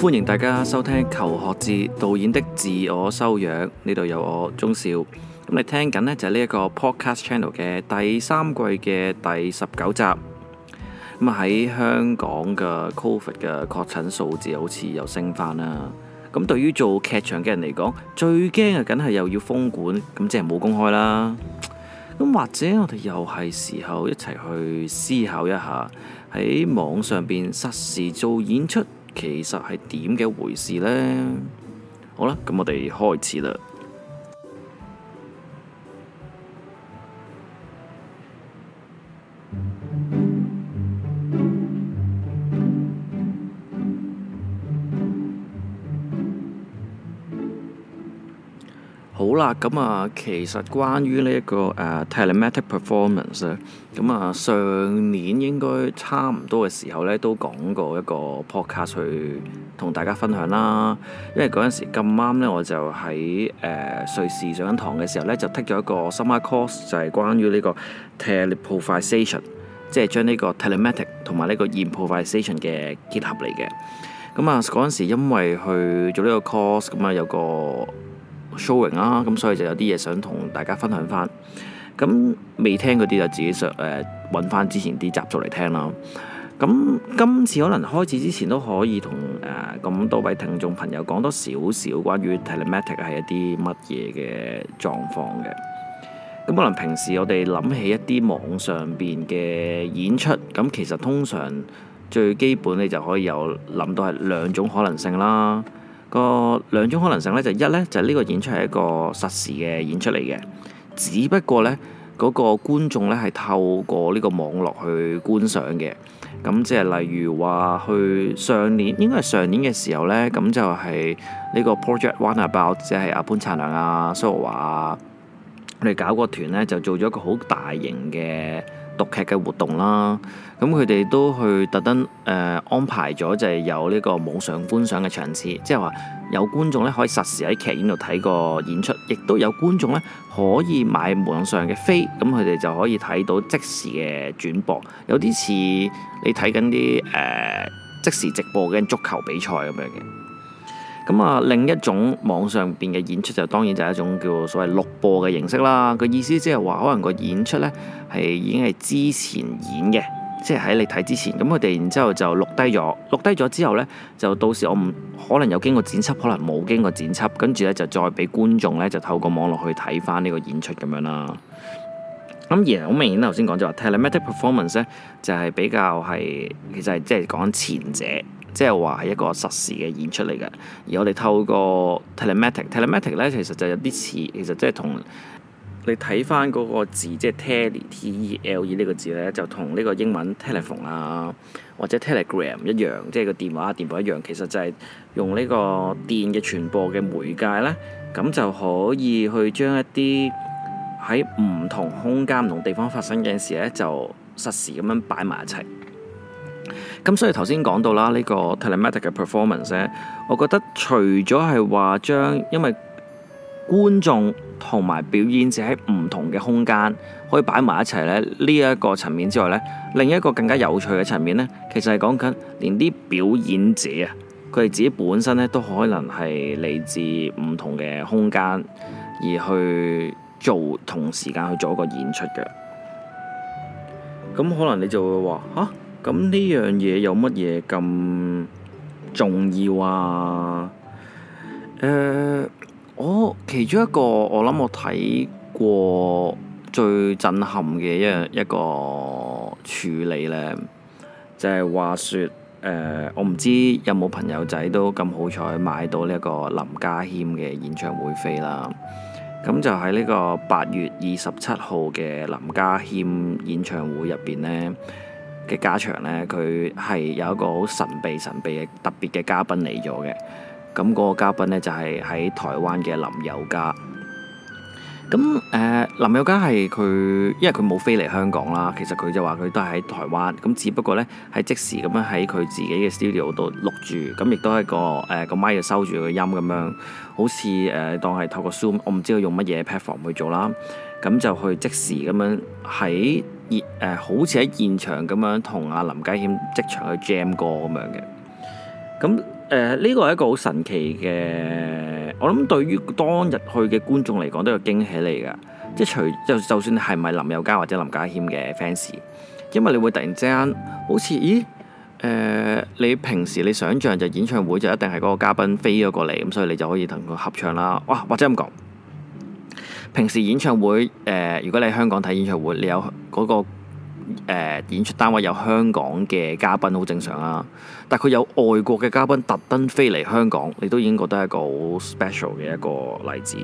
歡迎大家收聽《求學誌》導演的自我修養，呢度有我鍾少。咁你聽緊呢，就係呢一個 Podcast Channel 嘅第三季嘅第十九集。咁喺香港嘅 Covid 嘅確診數字好似又升翻啦。咁對於做劇場嘅人嚟講，最驚啊，梗係又要封館，咁即係冇公開啦。咁或者我哋又係時候一齊去思考一下，喺網上邊實時做演出。其實係點嘅回事呢？好啦，咁我哋開始啦。好啦，咁啊，其實關於呢、這、一個誒、uh, telematic performance 咁啊、uh, 上年應該差唔多嘅時候咧，都講過一個 podcast 去同大家分享啦。因為嗰陣時咁啱咧，我就喺誒、uh, 瑞士上緊堂嘅時候咧，就 take 咗一個 summer course，就係關於呢個 telemovisation，即係將呢個 telematic 同埋呢個 improvisation 嘅結合嚟嘅。咁啊嗰陣時因為去做呢個 course，咁啊有個 showing 啦，咁所以就有啲嘢想同大家分享翻。咁未聽嗰啲就自己想誒揾翻之前啲集數嚟聽啦。咁今次可能開始之前都可以同誒咁多位聽眾朋友講多少少關於 Telematic 係一啲乜嘢嘅狀況嘅。咁可能平時我哋諗起一啲網上邊嘅演出，咁其實通常最基本你就可以有諗到係兩種可能性啦。個兩種可能性咧，就一咧就係、是、呢個演出係一個實時嘅演出嚟嘅，只不過咧嗰、那個觀眾咧係透過呢個網絡去觀賞嘅。咁即係例如話，去上年應該係上年嘅時候咧，咁就係呢個 Project Roundabout，即係阿潘燦良、啊、阿蘇華、啊，佢哋搞個團咧就做咗一個好大型嘅。讀劇嘅活動啦，咁佢哋都去特登誒安排咗，就係有呢個網上觀賞嘅場次，即係話有觀眾咧可以實時喺劇院度睇個演出，亦都有觀眾咧可以買網上嘅飛，咁佢哋就可以睇到即時嘅轉播，有啲似你睇緊啲誒即時直播嘅足球比賽咁樣嘅。咁啊，另一種網上邊嘅演出就當然就係一種叫所謂錄播嘅形式啦。個意思即係話，可能個演出呢係已經係之前演嘅，即係喺你睇之前。咁佢哋然之後就錄低咗，錄低咗之後呢，就到時我唔可能有經過剪輯，可能冇經過剪輯，跟住呢，就再俾觀眾呢，就透過網絡去睇翻呢個演出咁樣啦。咁而好明顯，頭先講咗話 Telematic Performance 呢就係比較係其實係即係講前者。即係話係一個實時嘅演出嚟嘅，而我哋透過 telematic，telematic 咧 Te 其實就有啲似，其實即係同你睇返嗰個字，即係 tele，T-E-L-E 呢、e e、個字咧，就同呢個英文 telephone 啊或者 telegram 一樣，即係個電話電報一樣，其實就係用呢個電嘅傳播嘅媒介咧，咁就可以去將一啲喺唔同空間唔同地方發生嘅事咧，就實時咁樣擺埋一齊。咁所以頭先講到啦，呢個 Telematic 嘅 performance 咧，我覺得除咗係話將因為觀眾同埋表演者喺唔同嘅空間可以擺埋一齊咧，呢一個層面之外咧，另一個更加有趣嘅層面咧，其實係講緊連啲表演者啊，佢哋自己本身咧都可能係嚟自唔同嘅空間，而去做同時間去做一個演出嘅。咁可能你就會話吓？啊咁呢樣嘢有乜嘢咁重要啊？誒、uh，我其中一個我諗我睇過最震撼嘅一樣一個處理咧，就係話説誒，uh, 我唔知有冇朋友仔都咁好彩買到呢一個林家謙嘅演唱會飛啦。咁就喺呢個八月二十七號嘅林家謙演唱會入邊咧。嘅加場咧，佢係有一個好神秘神秘嘅特別嘅嘉賓嚟咗嘅。咁嗰個嘉賓咧就係、是、喺台灣嘅林宥嘉。咁誒、呃，林宥嘉係佢，因為佢冇飛嚟香港啦，其實佢就話佢都係喺台灣。咁只不過咧，係即時咁樣喺佢自己嘅 studio 度錄住，咁亦都係個誒、呃、個麥就收住個音咁樣，好似誒、呃、當係透過 Zoom，我唔知佢用乜嘢 platform 去做啦。咁就去即時咁樣喺現誒，好似喺現場咁樣同阿林家謙即場去 jam 歌咁樣嘅。咁誒呢個係一個好神奇嘅，我諗對於當日去嘅觀眾嚟講都有驚喜嚟㗎。即係除就就算係咪林宥嘉或者林家謙嘅 fans，因為你會突然之間好似咦誒、呃，你平時你想像就演唱會就一定係嗰個嘉賓飛咗過嚟，咁所以你就可以同佢合唱啦。哇，或者咁講。平時演唱會，誒、呃，如果你喺香港睇演唱會，你有嗰、嗰個、呃、演出單位有香港嘅嘉賓，好正常啊。但佢有外國嘅嘉賓特登飛嚟香港，你都已經覺得係一個好 special 嘅一個例子。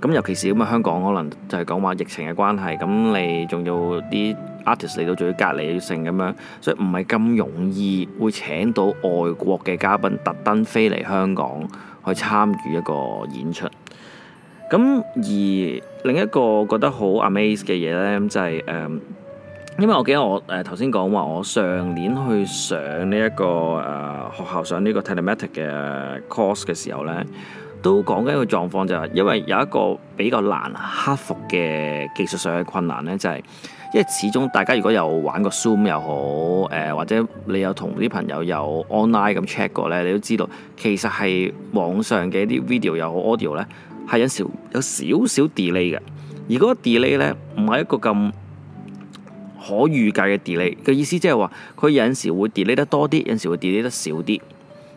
咁尤其是咁嘅香港，可能就係講話疫情嘅關係，咁你仲要啲 artist 嚟到仲要隔離性咁樣，所以唔係咁容易會請到外國嘅嘉賓特登飛嚟香港去參與一個演出。咁而另一個覺得好 amaze 嘅嘢呢，就係、是、誒、嗯，因為我記得我誒頭先講話，呃、我上年去上呢、這、一個誒、呃、學校上呢個 telematic 嘅 course 嘅時候呢，都講緊一個狀況就係、是、因為有一個比較難克服嘅技術上嘅困難呢，就係、是、因為始終大家如果有玩過 Zoom 又好，誒、呃、或者你有同啲朋友有 online 咁 check 過呢，你都知道其實係網上嘅一啲 video 又好 audio 呢。係有時有少少 delay 嘅，而嗰個 delay 咧，唔係一個咁可預計嘅 delay。嘅意思即係話佢有陣時會 delay 得多啲，有陣時會 delay 得少啲。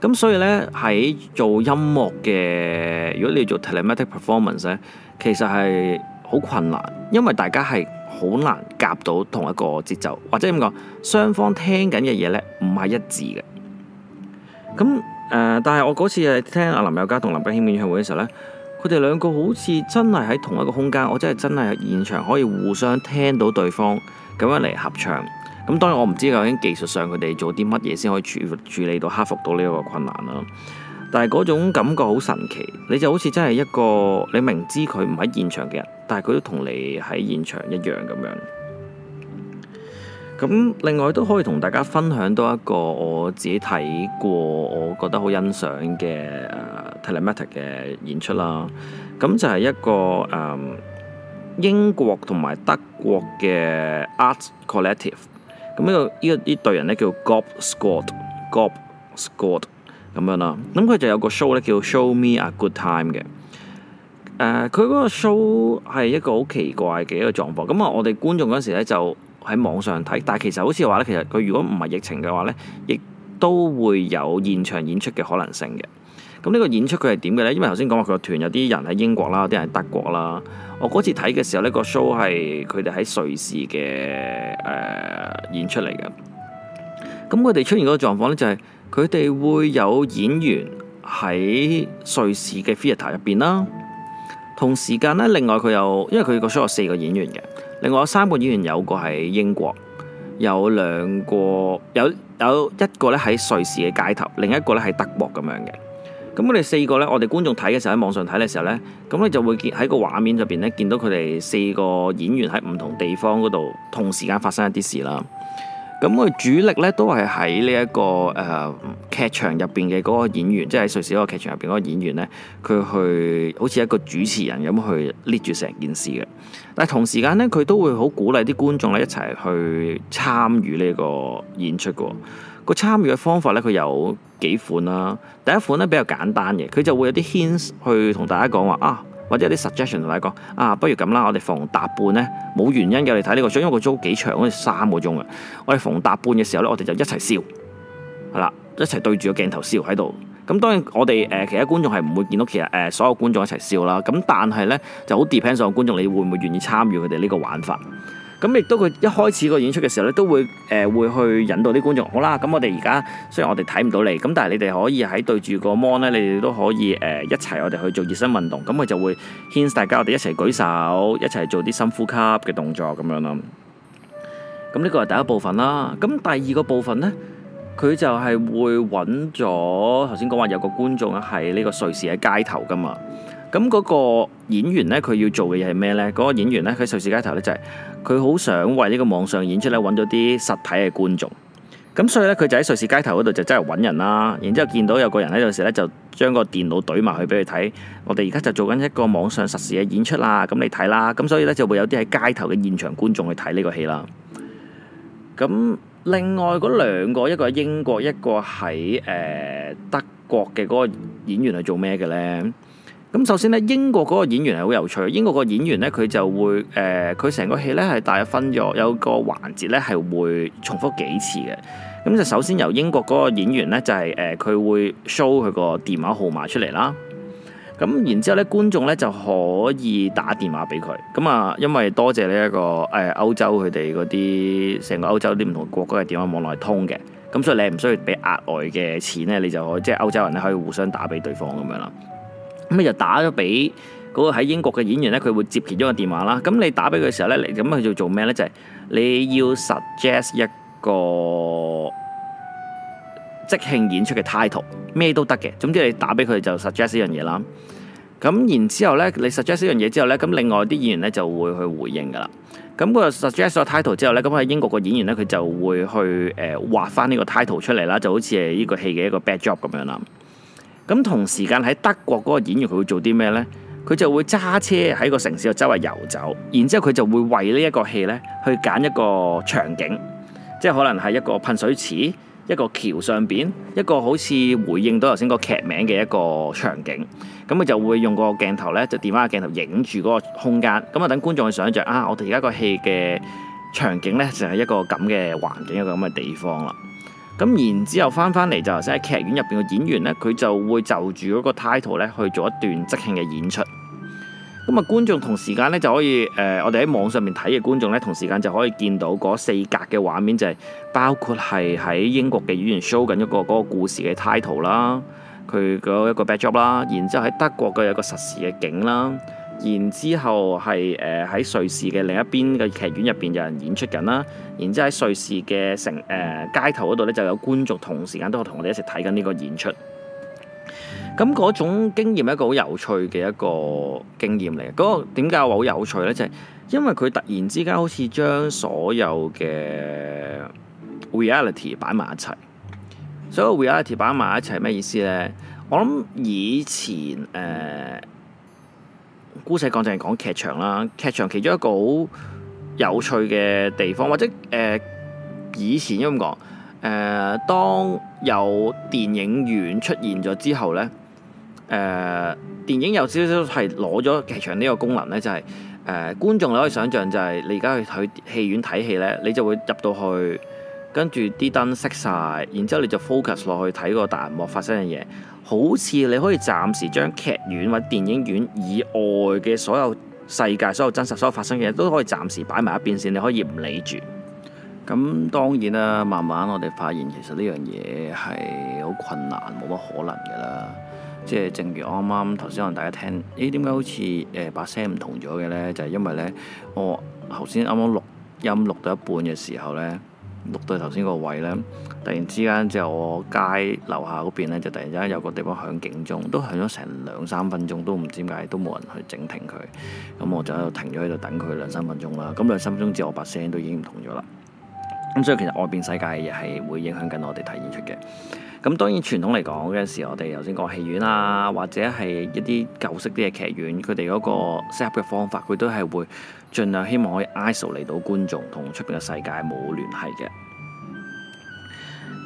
咁所以咧，喺做音樂嘅，如果你要做 Telematic Performance 咧，其實係好困難，因為大家係好難夾到同一個節奏，或者點講，雙方聽緊嘅嘢咧，唔係一致嘅。咁誒、呃，但係我嗰次係聽阿林宥嘉同林百軒演唱會嘅時候咧。佢哋兩個好似真係喺同一個空間，我真係真係現場可以互相聽到對方咁樣嚟合唱。咁當然我唔知究竟技術上佢哋做啲乜嘢先可以處處理到克服到呢一個困難啦。但係嗰種感覺好神奇，你就好似真係一個你明知佢唔喺現場嘅人，但係佢都同你喺現場一樣咁樣。咁另外都可以同大家分享到一個我自己睇過，我覺得好欣賞嘅、呃、telematic 嘅演出啦。咁、嗯、就係、是、一個誒、嗯、英國同埋德國嘅 art collective、嗯。咁呢個呢一呢隊人咧叫 Squad, Gob Squad，Gob Squad 咁樣啦。咁、嗯、佢就有個 show 咧叫 Show Me A Good Time 嘅。誒、呃，佢嗰個 show 係一個好奇怪嘅一個狀況。咁、嗯、啊，我哋觀眾嗰陣時咧就～喺網上睇，但係其實好似話咧，其實佢如果唔係疫情嘅話咧，亦都會有現場演出嘅可能性嘅。咁呢個演出佢係點嘅咧？因為頭先講話佢個團有啲人喺英國啦，有啲人喺德國啦。我嗰次睇嘅時候咧，個 show 係佢哋喺瑞士嘅誒演出嚟嘅。咁佢哋出現嗰個狀況咧，就係佢哋會有演員喺瑞士嘅 theatre 入邊啦。同時間咧，另外佢有因為佢個 show 有四個演員嘅。另外三個演員有個喺英國，有兩個有有一個咧喺瑞士嘅街頭，另一個咧喺德國咁樣嘅。咁我哋四個咧，我哋觀眾睇嘅時候喺網上睇嘅時候咧，咁你就會見喺個畫面入邊咧，見到佢哋四個演員喺唔同地方嗰度同時間發生一啲事啦。咁佢主力咧都係喺呢一個誒、呃、劇場入邊嘅嗰個演員，即係瑞士嗰個劇場入邊嗰個演員咧，佢去好似一個主持人咁去 lead 住成件事嘅。但係同時間咧，佢都會好鼓勵啲觀眾咧一齊去參與呢個演出喎。個參與嘅方法咧，佢有幾款啦、啊。第一款咧比較簡單嘅，佢就會有啲 hints 去同大家講話啊。或者啲 suggestion 同大家講，啊，不如咁啦，我哋逢搭半呢，冇原因嘅你睇呢、呢個，因為個租幾長，好似三個鐘嘅。我哋逢搭半嘅時候呢，我哋就一齊笑，係啦，一齊對住個鏡頭笑喺度。咁當然我哋誒、呃、其他觀眾係唔會見到，其實誒、呃、所有觀眾一齊笑啦。咁但係呢，就好 depends 上個觀眾，你會唔會願意參與佢哋呢個玩法？咁亦都佢一開始個演出嘅時候咧，都會誒、呃、會去引導啲觀眾。好啦，咁我哋而家雖然我哋睇唔到你，咁但係你哋可以喺對住個 mon 咧，你哋都可以誒、呃、一齊我哋去做熱身運動。咁佢就會牽手大家，我哋一齊舉手，一齊做啲深呼吸嘅動作咁樣啦，咁呢個係第一部分啦。咁第二個部分呢，佢就係會揾咗頭先講話有個觀眾係呢個瑞士嘅街頭㗎嘛。咁嗰個演員呢，佢要做嘅嘢係咩呢？嗰、嗰個演員呢，喺瑞士街頭呢、就係，就係。佢好想為呢個網上演出咧揾到啲實體嘅觀眾，咁所以咧佢就喺瑞士街頭嗰度就真係揾人啦。然之後見到有個人喺度時咧，就將個電腦懟埋去俾佢睇。我哋而家就做緊一個網上實時嘅演出啦。咁你睇啦。咁所以咧就會有啲喺街頭嘅現場觀眾去睇呢個戲啦。咁另外嗰兩個，一個喺英國，一個喺、呃、德國嘅嗰個演員係做咩嘅呢？咁首先咧，英國嗰個演員係好有趣。英國個演員咧，佢就會誒，佢、呃、成個戲咧係大約分咗，有個環節咧係會重複幾次嘅。咁就首先由英國嗰個演員咧，就係、是、誒，佢、呃、會 show 佢個電話號碼出嚟啦。咁然之後咧，觀眾咧就可以打電話俾佢。咁啊，因為多謝呢一、這個誒、哎、歐洲佢哋嗰啲成個歐洲啲唔同國家嘅電話網絡係通嘅。咁所以你唔需要俾額外嘅錢咧，你就可即係、就是、歐洲人咧可以互相打俾對方咁樣啦。咁你就打咗俾嗰個喺英國嘅演員咧，佢會接其中個電話啦。咁你打俾佢嘅時候咧，嚟咁佢就做咩咧？就係、是、你要 suggest 一個即興演出嘅 title，咩都得嘅。總之你打俾佢就 suggest 呢一樣嘢啦。咁然之後咧，你 suggest 呢樣嘢之後咧，咁另外啲演員咧就會去回應噶啦。咁個 suggest 咗 title 之後咧，咁喺英國個演員咧，佢就會去誒畫翻呢個 title 出嚟啦，就好似係呢個戲嘅一個 bad job 咁樣啦。咁同時間喺德國嗰個演員佢會做啲咩呢？佢就會揸車喺個城市嘅周圍遊走，然之後佢就會為呢一個戲呢去揀一個場景，即係可能係一個噴水池、一個橋上邊、一個好似回應到頭先個劇名嘅一個場景。咁佢就會用個鏡頭呢，就電話個鏡頭影住嗰個空間。咁啊，等觀眾去想像啊，我哋而家個戲嘅場景呢，就係一個咁嘅環境，一個咁嘅地方啦。咁然之後翻翻嚟就先喺劇院入邊嘅演員呢，佢就會就住嗰個 title 呢去做一段即興嘅演出。咁啊，觀眾同時間呢，就可以誒、呃，我哋喺網上面睇嘅觀眾呢，同時間就可以見到嗰四格嘅畫面，就係，就係包括係喺英國嘅演員 show 緊一個嗰、嗰個故事嘅 title 啦，佢嗰一個 backdrop 啦，然之後喺德國嘅有個實時嘅景啦。然之後係誒喺瑞士嘅另一邊嘅劇院入邊有人演出緊啦，然之後喺瑞士嘅城誒、呃、街頭嗰度咧就有觀眾同時間都同我哋一齊睇緊呢個演出。咁嗰種經驗係一個好有趣嘅一個經驗嚟。嗰、那個點解好有趣呢？就係、是、因為佢突然之間好似將所有嘅 reality 擺埋一齊。所、so、有 reality 擺埋一齊咩意思呢？我諗以前誒。呃姑且講，就係講劇場啦。劇場其中一個好有趣嘅地方，或者誒、呃、以前都咁講，誒、呃、當有電影院出現咗之後咧，誒、呃、電影有少少係攞咗劇場呢個功能咧，就係、是、誒、呃、觀眾你可以想像就係、是、你而家去去戲院睇戲咧，你就會入到去，跟住啲燈熄晒，然之後你就 focus 落去睇個大幕發生嘅嘢。好似你可以暫時將劇院或電影院以外嘅所有世界、所有真實、所有發生嘅嘢都可以暫時擺埋一邊先，你可以唔理住。咁當然啦，慢慢我哋發現其實呢樣嘢係好困難，冇乜可能嘅啦。即係正如我啱啱頭先可能大家聽，咦點解好似誒把聲唔同咗嘅呢？就係因為呢，我頭先啱啱錄音錄到一半嘅時候呢。錄到頭先個位咧，突然之間就我街樓下嗰邊咧，就突然之間有個地方響警鐘，都響咗成兩三分鐘，都唔知點解都冇人去整停佢。咁我就喺度停咗喺度等佢兩三分鐘啦。咁兩三分鐘之後，我把聲都已經唔同咗啦。咁所以其實外邊世界亦係會影響緊我哋睇演出嘅。咁當然傳統嚟講嘅時候我哋頭先講戲院啦、啊，或者係一啲舊式啲嘅劇院，佢哋嗰個 set 嘅方法，佢都係會盡量希望可以 isolate 到觀眾同出邊嘅世界冇聯繫嘅。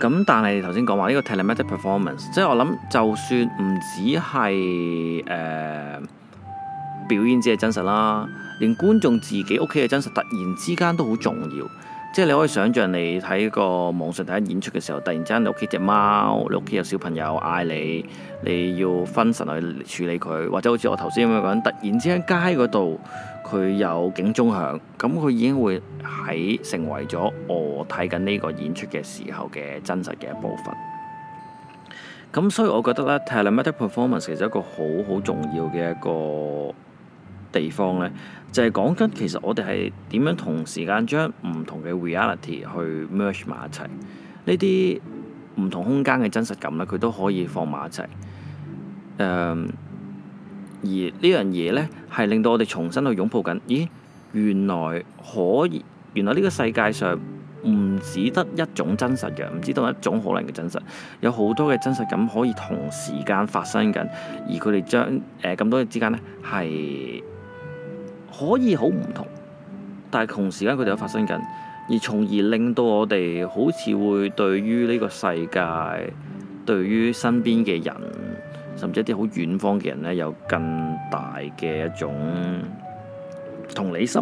咁但係頭先講話呢、這個 Telematic Performance，即係我諗，就算唔只係誒、呃、表演者嘅真實啦，連觀眾自己屋企嘅真實，突然之間都好重要。即係你可以想像，你喺個網上睇演出嘅時候，突然之間你屋企隻貓，你屋企有小朋友嗌你，你要分神去處理佢，或者好似我頭先咁樣講，突然之間街嗰度佢有警鐘響，咁佢已經會喺成為咗我睇緊呢個演出嘅時候嘅真實嘅一部分。咁所以我覺得咧 Telematic Performance 其實一個好好重要嘅一個地方咧。就係講緊，其實我哋係點樣同時間將唔同嘅 reality 去 merge 埋一齊？呢啲唔同空間嘅真實感咧，佢都可以放埋一齊，嗯。而呢樣嘢呢，係令到我哋重新去擁抱緊。咦，原來可以，原來呢個世界上唔只得一種真實嘅，唔止得一種可能嘅真實，有好多嘅真實感可以同時間發生緊，而佢哋將誒咁多嘢之間呢，係。可以好唔同，但係同時間佢哋都發生緊，而從而令到我哋好似會對於呢個世界、對於身邊嘅人，甚至一啲好遠方嘅人呢，有更大嘅一種同理心。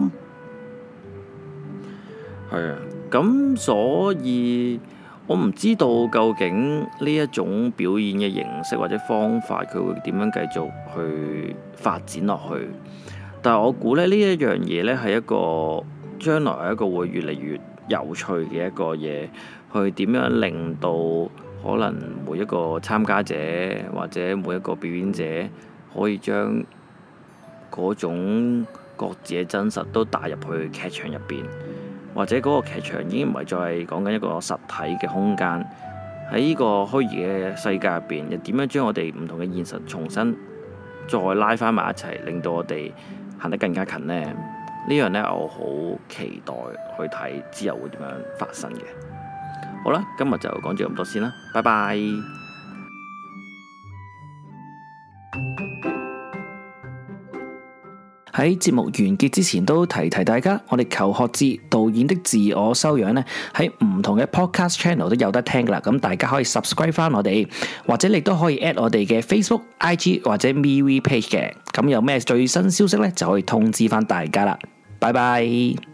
係啊，咁所以我唔知道究竟呢一種表演嘅形式或者方法，佢會點樣繼續去發展落去。但係我估咧，呢一樣嘢呢係一個將來一個會越嚟越有趣嘅一個嘢，去點樣令到可能每一個參加者或者每一個表演者可以將嗰種各自嘅真實都帶入去劇場入邊，或者嗰個劇場已經唔係再係講緊一個實體嘅空間，喺呢個虛擬嘅世界入邊，又點樣將我哋唔同嘅現實重新再拉返埋一齊，令到我哋行得更加近呢，呢樣呢，我好期待去睇之後會點樣發生嘅。好啦，今日就講住咁多先啦，拜拜。喺節目完結之前都提提大家，我哋求學誌導演的自我修養咧，喺唔同嘅 podcast channel 都有得聽噶啦。咁大家可以 subscribe 翻我哋，或者你都可以 at 我哋嘅 Facebook、IG 或者 MeWe Page 嘅。咁有咩最新消息咧，就可以通知翻大家啦。拜拜。